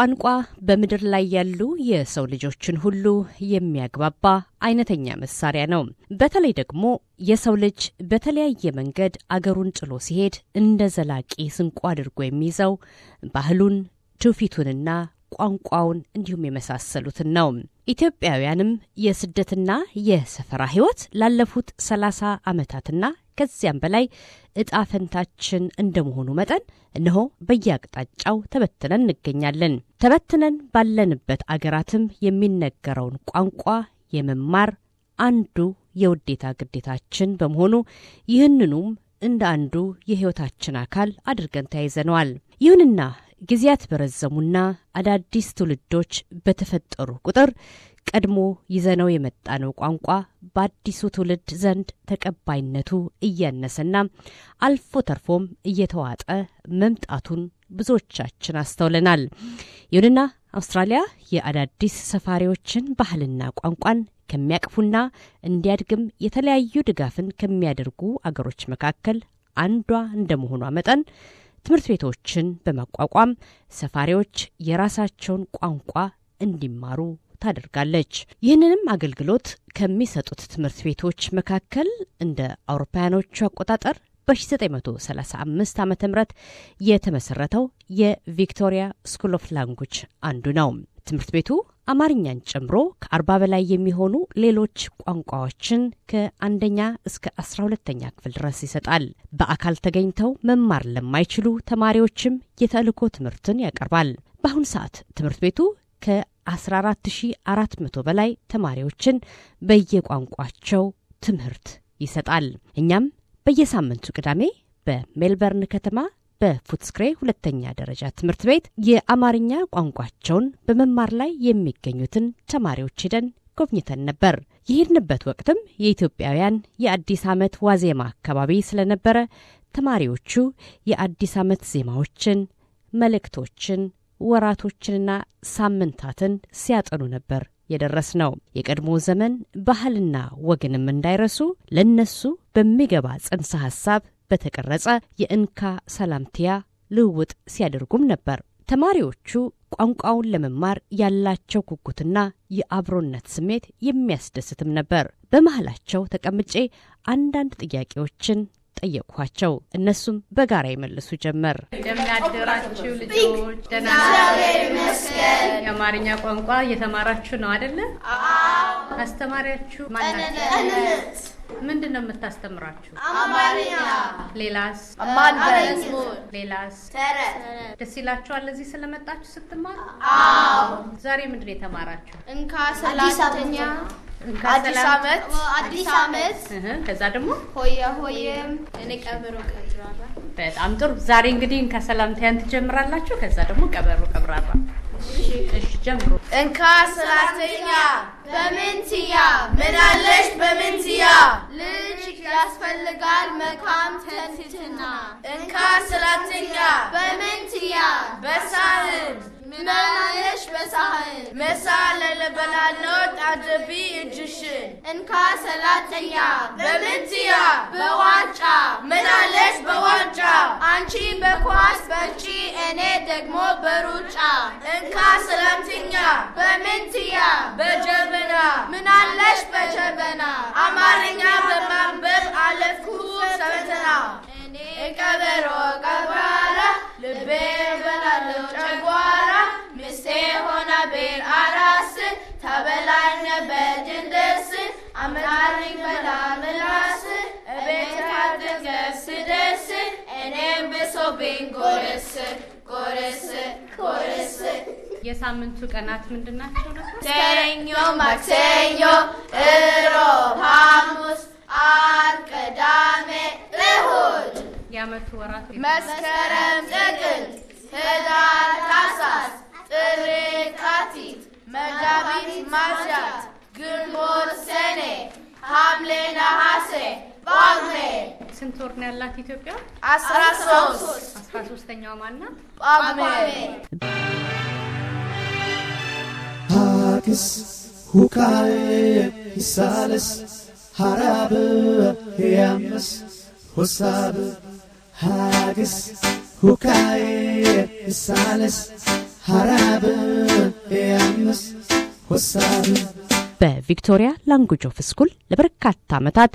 ቋንቋ በምድር ላይ ያሉ የሰው ልጆችን ሁሉ የሚያግባባ አይነተኛ መሳሪያ ነው። በተለይ ደግሞ የሰው ልጅ በተለያየ መንገድ አገሩን ጥሎ ሲሄድ እንደ ዘላቂ ስንቁ አድርጎ የሚይዘው ባህሉን፣ ትውፊቱንና ቋንቋውን እንዲሁም የመሳሰሉትን ነው። ኢትዮጵያውያንም የስደትና የሰፈራ ሕይወት ላለፉት ሰላሳ ዓመታትና ከዚያም በላይ እጣ ፈንታችን እንደመሆኑ መጠን እነሆ በየአቅጣጫው ተበትነን እንገኛለን። ተበትነን ባለንበት አገራትም የሚነገረውን ቋንቋ የመማር አንዱ የውዴታ ግዴታችን በመሆኑ ይህንኑም እንደ አንዱ የሕይወታችን አካል አድርገን ተያይዘነዋል። ይሁንና ጊዜያት በረዘሙና አዳዲስ ትውልዶች በተፈጠሩ ቁጥር ቀድሞ ይዘነው የመጣነው ቋንቋ በአዲሱ ትውልድ ዘንድ ተቀባይነቱ እያነሰና አልፎ ተርፎም እየተዋጠ መምጣቱን ብዙዎቻችን አስተውለናል። ይሁንና አውስትራሊያ የአዳዲስ ሰፋሪዎችን ባህልና ቋንቋን ከሚያቅፉና እንዲያድግም የተለያዩ ድጋፍን ከሚያደርጉ አገሮች መካከል አንዷ እንደመሆኗ መጠን ትምህርት ቤቶችን በማቋቋም ሰፋሪዎች የራሳቸውን ቋንቋ እንዲማሩ ታደርጋለች። ይህንንም አገልግሎት ከሚሰጡት ትምህርት ቤቶች መካከል እንደ አውሮፓውያኖቹ አቆጣጠር በ1935 ዓ ም የተመሰረተው የቪክቶሪያ ስኩል ኦፍ ላንጉጅ አንዱ ነው። ትምህርት ቤቱ አማርኛን ጨምሮ ከአርባ በላይ የሚሆኑ ሌሎች ቋንቋዎችን ከአንደኛ እስከ አስራ ሁለተኛ ክፍል ድረስ ይሰጣል። በአካል ተገኝተው መማር ለማይችሉ ተማሪዎችም የተልእኮ ትምህርትን ያቀርባል። በአሁኑ ሰዓት ትምህርት ቤቱ ከ 14400 በላይ ተማሪዎችን በየቋንቋቸው ትምህርት ይሰጣል። እኛም በየሳምንቱ ቅዳሜ በሜልበርን ከተማ በፉትስክሬ ሁለተኛ ደረጃ ትምህርት ቤት የአማርኛ ቋንቋቸውን በመማር ላይ የሚገኙትን ተማሪዎች ሄደን ጎብኝተን ነበር። የሄድንበት ወቅትም የኢትዮጵያውያን የአዲስ ዓመት ዋዜማ አካባቢ ስለነበረ ተማሪዎቹ የአዲስ ዓመት ዜማዎችን፣ መልእክቶችን ወራቶችንና ሳምንታትን ሲያጠኑ ነበር የደረስ ነው። የቀድሞ ዘመን ባህልና ወግንም እንዳይረሱ ለነሱ በሚገባ ጽንሰ ሐሳብ በተቀረጸ የእንካ ሰላምቲያ ልውውጥ ሲያደርጉም ነበር። ተማሪዎቹ ቋንቋውን ለመማር ያላቸው ጉጉትና የአብሮነት ስሜት የሚያስደስትም ነበር። በመሃላቸው ተቀምጬ አንዳንድ ጥያቄዎችን ጠየቅኳቸው። እነሱም በጋራ ይመልሱ ጀመር። እንደምናደራችሁ ልጆች፣ ደህና ይመስገን። የአማርኛ ቋንቋ እየተማራችሁ ነው አይደለ? አስተማሪያችሁ ማናቸው? ምንድን ነው የምታስተምራችሁ? አማርኛ። ሌላስ? ማንበብ። ሌላስ? ተረት። ደስ ይላችኋል እዚህ ስለመጣችሁ ስትማር? አዎ። ዛሬ ምንድን ነው የተማራችሁ? እንካ ሰላተኛ አዲስ አመት አዲስ አመት ከዛ ደግሞ ሆየ ሆየም እኔ ቀበሮ ቀብራራ። በጣም ጥሩ። ዛሬ እንግዲህ እንካ ሰላምታያን ትጀምራላችሁ። ከዛ ደግሞ ቀበሮ ቀብራራ ጀምሮ እንካ ሰራተኛ በምንትያ ምናለሽ በምንትያ ልጅ ያስፈልጋል መካም ተንትና እንካ ሰራተኛ በምንትያ በሳህን ምናለሽ በሳህን መሳ ለለበላኖት አጀቢ እጅሽን እንካ ሰላተኛ በምንትያ በላ ምላስ እቤት አድርገስ ደስ እኔም ብሶብኝ ጎርስ ጎርስ ጎርስ የሳምንቱ ቀናት ምንድን ናቸው? ሰኞ፣ ማክሰኞ፣ እሮብ፣ ሐሙስ፣ ዓርብ፣ ቅዳሜ፣ እሁድ። የዓመቱ ወራት መስከረም፣ ጥቅምት፣ ህዳር፣ ታህሳስ፣ ጥር፣ የካቲት፣ መጋቢት፣ ሚያዝያ፣ ግንቦት፣ ሰኔ ሐምሌ፣ ነሐሴ፣ ጳጉሜ ስንት ወር ነው ያላት ኢትዮጵያ? አስራ ሶስት አስራ ማናት? ጳጉሜ ሀክስ ይሳለስ ሀራብ ያምስ ሆሳብ ሀግስ ይሳለስ ሀራብ ያምስ ሆሳብ በቪክቶሪያ ላንጉጅ ኦፍ ስኩል ለበርካታ ዓመታት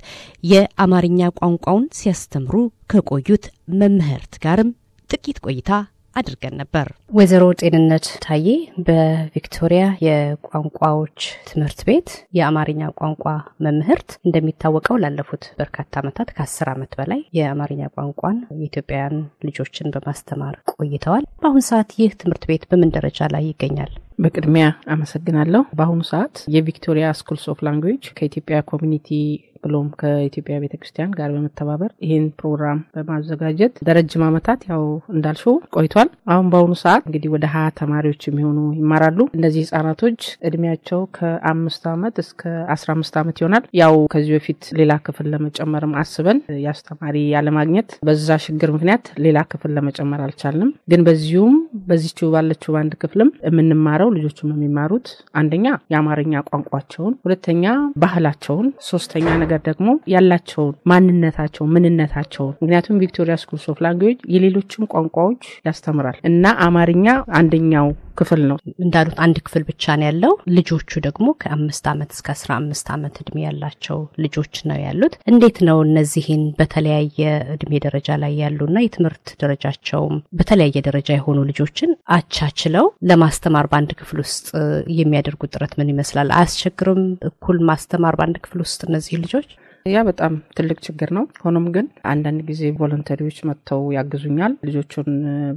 የአማርኛ ቋንቋውን ሲያስተምሩ ከቆዩት መምህርት ጋርም ጥቂት ቆይታ አድርገን ነበር። ወይዘሮ ጤንነት ታዬ በቪክቶሪያ የቋንቋዎች ትምህርት ቤት የአማርኛ ቋንቋ መምህርት፣ እንደሚታወቀው ላለፉት በርካታ ዓመታት ከአስር ዓመት በላይ የአማርኛ ቋንቋን የኢትዮጵያውያን ልጆችን በማስተማር ቆይተዋል። በአሁን ሰዓት ይህ ትምህርት ቤት በምን ደረጃ ላይ ይገኛል? በቅድሚያ አመሰግናለሁ። በአሁኑ ሰዓት የቪክቶሪያ ስኩልስ ኦፍ ላንጉጅ ከኢትዮጵያ ኮሚኒቲ ብሎም ከኢትዮጵያ ቤተክርስቲያን ጋር በመተባበር ይህን ፕሮግራም በማዘጋጀት ለረጅም ዓመታት ያው እንዳልሽው ቆይቷል። አሁን በአሁኑ ሰዓት እንግዲህ ወደ ሀያ ተማሪዎች የሚሆኑ ይማራሉ። እነዚህ ህጻናቶች እድሜያቸው ከአምስት ዓመት እስከ አስራ አምስት ዓመት ይሆናል። ያው ከዚህ በፊት ሌላ ክፍል ለመጨመርም አስበን የአስተማሪ ያለማግኘት በዛ ችግር ምክንያት ሌላ ክፍል ለመጨመር አልቻልንም። ግን በዚሁም በዚች ባለችው በአንድ ክፍልም የምንማረው ልጆቹ የሚማሩት አንደኛ የአማርኛ ቋንቋቸውን፣ ሁለተኛ ባህላቸውን፣ ሶስተኛ ነገር ደግሞ ያላቸውን ማንነታቸው ምንነታቸውን። ምክንያቱም ቪክቶሪያ ስኩል ኦፍ ላንጉዌጅ የሌሎችም ቋንቋዎች ያስተምራል እና አማርኛ አንደኛው ክፍል ነው። እንዳሉት አንድ ክፍል ብቻ ነው ያለው። ልጆቹ ደግሞ ከአምስት ዓመት እስከ አስራ አምስት ዓመት እድሜ ያላቸው ልጆች ነው ያሉት። እንዴት ነው እነዚህን በተለያየ እድሜ ደረጃ ላይ ያሉና የትምህርት ደረጃቸውም በተለያየ ደረጃ የሆኑ ልጆች ልጆችን አቻችለው ለማስተማር በአንድ ክፍል ውስጥ የሚያደርጉት ጥረት ምን ይመስላል? አያስቸግርም? እኩል ማስተማር በአንድ ክፍል ውስጥ እነዚህ ልጆች ያ በጣም ትልቅ ችግር ነው። ሆኖም ግን አንዳንድ ጊዜ ቮለንተሪዎች መጥተው ያግዙኛል ልጆቹን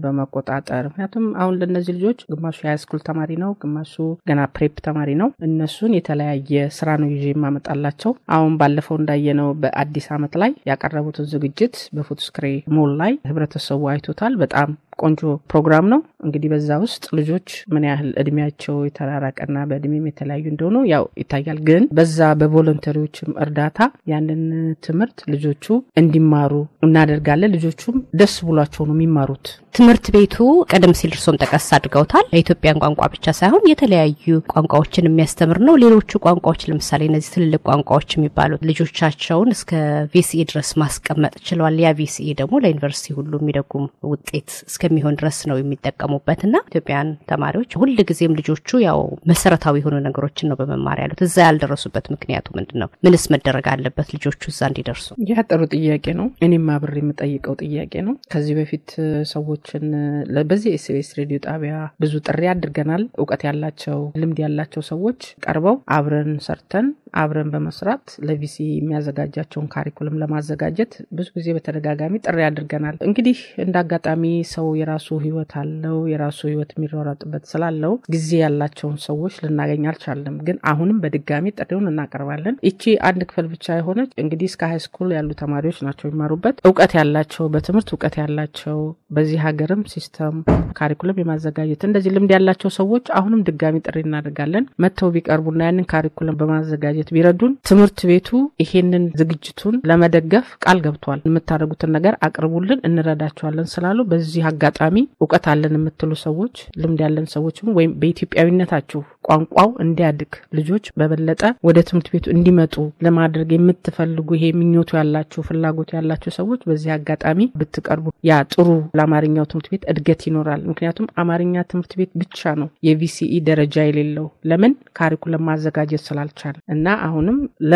በመቆጣጠር ምክንያቱም አሁን ለእነዚህ ልጆች ግማሹ የሃይስኩል ተማሪ ነው፣ ግማሹ ገና ፕሬፕ ተማሪ ነው። እነሱን የተለያየ ስራ ነው ይዤ የማመጣላቸው። አሁን ባለፈው እንዳየነው በአዲስ ዓመት ላይ ያቀረቡትን ዝግጅት በፎቶስክሬ ሞል ላይ ህብረተሰቡ አይቶታል። በጣም ቆንጆ ፕሮግራም ነው። እንግዲህ በዛ ውስጥ ልጆች ምን ያህል እድሜያቸው የተራራቀና በእድሜም የተለያዩ እንደሆኑ ያው ይታያል። ግን በዛ በቮለንተሪዎችም እርዳታ ያንን ትምህርት ልጆቹ እንዲማሩ እናደርጋለን። ልጆቹም ደስ ብሏቸው ነው የሚማሩት። ትምህርት ቤቱ ቀደም ሲል እርሶም ጠቀስ አድርገውታል፣ የኢትዮጵያን ቋንቋ ብቻ ሳይሆን የተለያዩ ቋንቋዎችን የሚያስተምር ነው። ሌሎቹ ቋንቋዎች ለምሳሌ እነዚህ ትልልቅ ቋንቋዎች የሚባሉት ልጆቻቸውን እስከ ቪሲኤ ድረስ ማስቀመጥ ችለዋል። ያ ቪሲኤ ደግሞ ለዩኒቨርሲቲ ሁሉ የሚደጉም ውጤት እስከሚሆን ድረስ ነው የሚጠቀሙበት እና ኢትዮጵያን ተማሪዎች ሁል ጊዜም ልጆቹ ያው መሰረታዊ የሆኑ ነገሮችን ነው በመማር ያሉት። እዛ ያልደረሱበት ምክንያቱ ምንድን ነው? ምንስ መደረግ አለበት ልጆቹ እዛ እንዲደርሱ? ያ ጥሩ ጥያቄ ነው። እኔም አብር የምጠይቀው ጥያቄ ነው። ከዚህ በፊት ሰዎች ሰዎችን በዚህ ኤስቤስ ሬዲዮ ጣቢያ ብዙ ጥሪ አድርገናል። እውቀት ያላቸው ልምድ ያላቸው ሰዎች ቀርበው አብረን ሰርተን አብረን በመስራት ለቪሲ የሚያዘጋጃቸውን ካሪኩለም ለማዘጋጀት ብዙ ጊዜ በተደጋጋሚ ጥሪ አድርገናል። እንግዲህ እንደ አጋጣሚ ሰው የራሱ ህይወት አለው፣ የራሱ ህይወት የሚሯሯጥበት ስላለው ጊዜ ያላቸውን ሰዎች ልናገኝ አልቻለም። ግን አሁንም በድጋሚ ጥሪውን እናቀርባለን። ይቺ አንድ ክፍል ብቻ የሆነች እንግዲህ እስከ ሀይ ስኩል ያሉ ተማሪዎች ናቸው የሚማሩበት። እውቀት ያላቸው በትምህርት እውቀት ያላቸው በዚህ ሀገርም ሲስተም ካሪኩለም የማዘጋጀት እንደዚህ ልምድ ያላቸው ሰዎች አሁንም ድጋሚ ጥሪ እናደርጋለን። መጥተው ቢቀርቡና ያንን ካሪኩለም በማዘጋጀት በማሳየት ቢረዱን ትምህርት ቤቱ ይሄንን ዝግጅቱን ለመደገፍ ቃል ገብቷል። የምታደርጉትን ነገር አቅርቡልን እንረዳቸዋለን ስላሉ በዚህ አጋጣሚ እውቀት አለን የምትሉ ሰዎች፣ ልምድ ያለን ሰዎች ወይም በኢትዮጵያዊነታችሁ ቋንቋው እንዲያድግ ልጆች በበለጠ ወደ ትምህርት ቤቱ እንዲመጡ ለማድረግ የምትፈልጉ ይሄ ምኞቱ ያላችሁ ፍላጎቱ ያላችሁ ሰዎች በዚህ አጋጣሚ ብትቀርቡ ያ ጥሩ ለአማርኛው ትምህርት ቤት እድገት ይኖራል። ምክንያቱም አማርኛ ትምህርት ቤት ብቻ ነው የቪሲኢ ደረጃ የሌለው ለምን ካሪኩለም ማዘጋጀት ስላልቻለ እና እና አሁንም ለ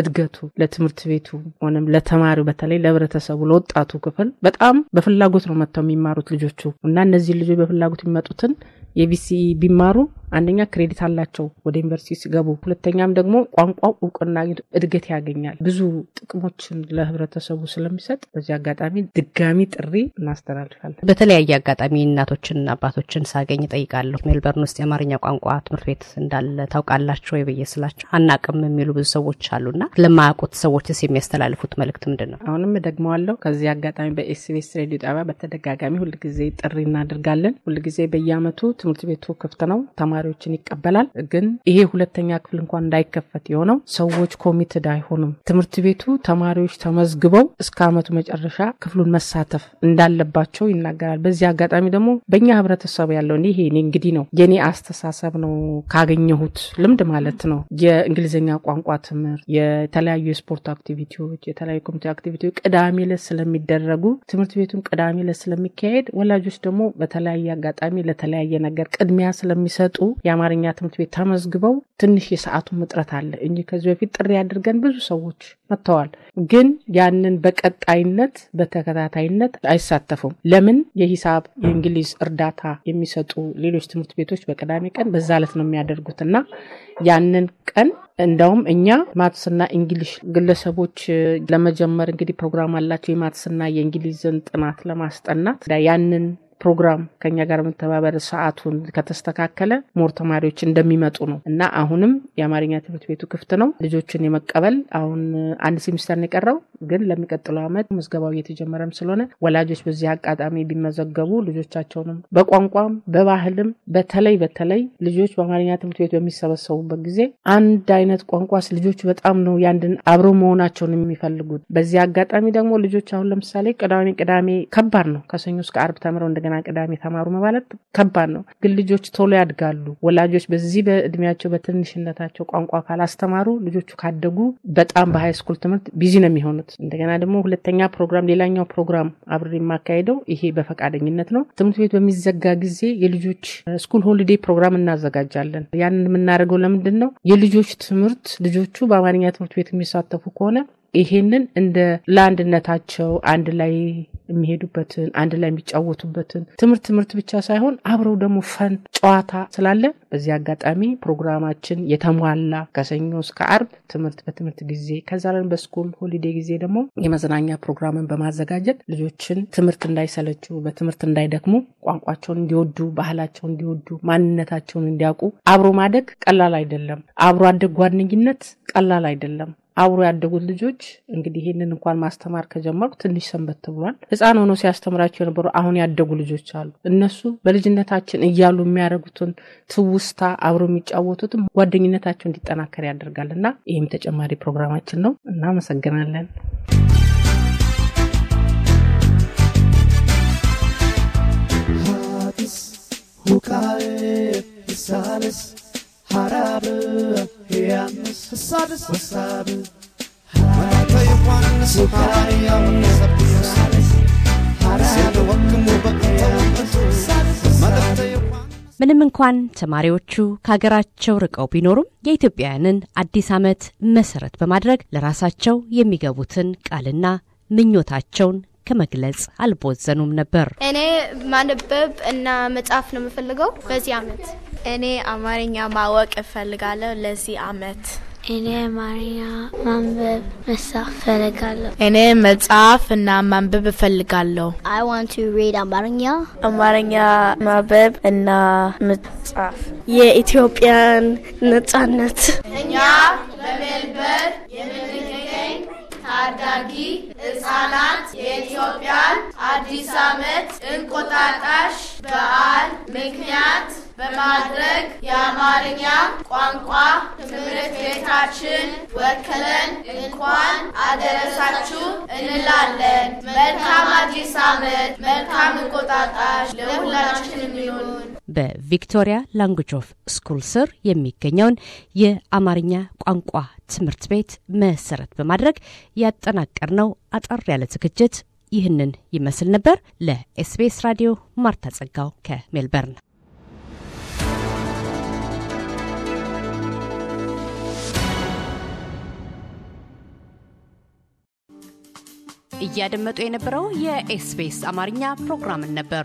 እድገቱ ለትምህርት ቤቱ ሆነም ለተማሪው በተለይ ለህብረተሰቡ ለወጣቱ ክፍል በጣም በፍላጎት ነው መጥተው የሚማሩት ልጆቹ እና እነዚህ ልጆች በፍላጎት የሚመጡትን የቢሲ ቢማሩ አንደኛ ክሬዲት አላቸው ወደ ዩኒቨርሲቲ ሲገቡ፣ ሁለተኛም ደግሞ ቋንቋው እውቅና እድገት ያገኛል። ብዙ ጥቅሞችን ለህብረተሰቡ ስለሚሰጥ በዚህ አጋጣሚ ድጋሚ ጥሪ እናስተላልፋለን። በተለያየ አጋጣሚ እናቶችንና አባቶችን ሳገኝ ጠይቃለሁ። ሜልበርን ውስጥ የአማርኛ ቋንቋ ትምህርት ቤት እንዳለ ታውቃላቸው ወይ ብዬ ስላቸው አናቅም የሚሉ ብዙ ሰዎች አሉና እና ለማያውቁት ሰዎችስ የሚያስተላልፉት መልእክት ምንድን ነው? አሁንም ደግመዋለሁ። ከዚህ አጋጣሚ በኤስቢኤስ ሬዲዮ ጣቢያ በተደጋጋሚ ሁልጊዜ ጥሪ እናደርጋለን። ሁልጊዜ በየአመቱ ትምህርት ቤቱ ክፍት ነው፣ ተማሪዎችን ይቀበላል። ግን ይሄ ሁለተኛ ክፍል እንኳን እንዳይከፈት የሆነው ሰዎች ኮሚትድ አይሆኑም። ትምህርት ቤቱ ተማሪዎች ተመዝግበው እስከ ዓመቱ መጨረሻ ክፍሉን መሳተፍ እንዳለባቸው ይናገራል። በዚህ አጋጣሚ ደግሞ በእኛ ህብረተሰብ ያለው ይሄ እንግዲህ ነው የኔ አስተሳሰብ ነው ካገኘሁት ልምድ ማለት ነው የእንግሊዝኛ ቋንቋ ትምህርት የተለያዩ የስፖርት አክቲቪቲዎች፣ የተለያዩ ኮሚቴ አክቲቪቲዎች ቅዳሜ ዕለት ስለሚደረጉ ትምህርት ቤቱን ቅዳሜ ዕለት ስለሚካሄድ ወላጆች ደግሞ በተለያየ አጋጣሚ ለተለያየ ነገር ቅድሚያ ስለሚሰጡ የአማርኛ ትምህርት ቤት ተመዝግበው ትንሽ የሰዓቱን ምጥረት አለ እንጂ ከዚህ በፊት ጥሪ አድርገን ብዙ ሰዎች መጥተዋል። ግን ያንን በቀጣይነት በተከታታይነት አይሳተፉም። ለምን? የሂሳብ የእንግሊዝ እርዳታ የሚሰጡ ሌሎች ትምህርት ቤቶች በቅዳሜ ቀን በዛ ነው የሚያደርጉት እና ያንን ቀን እንደውም እኛ ማትስና እና እንግሊሽ ግለሰቦች ለመጀመር እንግዲህ ፕሮግራም አላቸው የማትስና የእንግሊዝን ጥናት ለማስጠናት ያንን ፕሮግራም ከኛ ጋር መተባበር ሰዓቱን ከተስተካከለ ሞር ተማሪዎች እንደሚመጡ ነው እና አሁንም የአማርኛ ትምህርት ቤቱ ክፍት ነው። ልጆችን የመቀበል አሁን አንድ ሴሚስተር ነው የቀረው፣ ግን ለሚቀጥለው ዓመት ምዝገባው እየተጀመረም ስለሆነ ወላጆች በዚህ አጋጣሚ ቢመዘገቡ ልጆቻቸውንም በቋንቋም በባህልም በተለይ በተለይ ልጆች በአማርኛ ትምህርት ቤት በሚሰበሰቡበት ጊዜ አንድ አይነት ቋንቋስ ልጆች በጣም ነው ያንድን አብሮ መሆናቸውን የሚፈልጉት። በዚህ አጋጣሚ ደግሞ ልጆች አሁን ለምሳሌ ቅዳሜ ቅዳሜ ከባድ ነው ከሰኞ እስከ አርብ ተምረው እንደገና እንደገና ቅዳሜ ተማሩ መባለት ከባድ ነው። ግን ልጆች ቶሎ ያድጋሉ። ወላጆች በዚህ በእድሜያቸው በትንሽነታቸው ቋንቋ ካላስተማሩ ልጆቹ ካደጉ በጣም ስኩል ትምህርት ቢዚ ነው የሚሆኑት። እንደገና ደግሞ ሁለተኛ ፕሮግራም፣ ሌላኛው ፕሮግራም አብሬ የማካሄደው ይሄ በፈቃደኝነት ነው። ትምህርት ቤት በሚዘጋ ጊዜ የልጆች ስኩል ሆሊዴ ፕሮግራም እናዘጋጃለን። ያንን የምናደርገው ለምንድን ነው? የልጆች ትምህርት ልጆቹ በአማርኛ ትምህርት ቤት የሚሳተፉ ከሆነ ይሄንን እንደ ለአንድነታቸው አንድ ላይ የሚሄዱበትን አንድ ላይ የሚጫወቱበትን ትምህርት ትምህርት ብቻ ሳይሆን አብረው ደግሞ ፈን ጨዋታ ስላለ በዚህ አጋጣሚ ፕሮግራማችን የተሟላ ከሰኞ እስከ አርብ ትምህርት በትምህርት ጊዜ ከዛ ለን በስኩል ሆሊዴ ጊዜ ደግሞ የመዝናኛ ፕሮግራምን በማዘጋጀት ልጆችን ትምህርት እንዳይሰለችው በትምህርት እንዳይደክሙ ቋንቋቸውን እንዲወዱ ባህላቸውን እንዲወዱ ማንነታቸውን እንዲያውቁ አብሮ ማደግ ቀላል አይደለም። አብሮ አደግ ጓደኝነት ቀላል አይደለም። አብሮ ያደጉት ልጆች እንግዲህ ይህንን እንኳን ማስተማር ከጀመሩ ትንሽ ሰንበት ብሏል። ህፃን ሆኖ ሲያስተምራቸው የነበሩ አሁን ያደጉ ልጆች አሉ። እነሱ በልጅነታችን እያሉ የሚያደርጉትን ትውስታ አብሮ የሚጫወቱትም ጓደኝነታቸው እንዲጠናከር ያደርጋል እና ይህም ተጨማሪ ፕሮግራማችን ነው። እናመሰግናለን። ሳለስ ምንም እንኳን ተማሪዎቹ ከሀገራቸው ርቀው ቢኖሩም የኢትዮጵያውያንን አዲስ ዓመት መሰረት በማድረግ ለራሳቸው የሚገቡትን ቃልና ምኞታቸውን ከመግለጽ አልቦዘኑም ነበር። እኔ ማንበብ እና መጻፍ ነው የምፈልገው በዚህ አመት። እኔ አማርኛ ማወቅ እፈልጋለሁ ለዚህ አመት። እኔ አማርኛ ማንበብ መጻፍ እፈልጋለሁ። እኔ መጻፍ እና ማንበብ እፈልጋለሁ። አይ ዋንት ቱ ሪድ አማርኛ አማርኛ ማንበብ እና መጻፍ የኢትዮጵያን ነጻነት እኛ በሜልበር ታዳጊ ህጻናት የኢትዮጵያን አዲስ ዓመት እንቁጣጣሽ በዓል ምክንያት በማድረግ የአማርኛ ቋንቋ ትምህርት ቤታችን ወክለን እንኳን አደረሳችሁ እንላለን። መልካም አዲስ ዓመት፣ መልካም እንቁጣጣሽ ለሁላችን የሚሆን በቪክቶሪያ ላንጉጅ ኦፍ ስኩል ስር የሚገኘውን የአማርኛ ቋንቋ ትምህርት ቤት መሰረት በማድረግ ያጠናቀርነው አጠር ያለ ዝግጅት ይህንን ይመስል ነበር። ለኤስቢኤስ ራዲዮ ማርታ ጸጋው ከሜልበርን። እያደመጡ የነበረው የኤስቢኤስ አማርኛ ፕሮግራምን ነበር።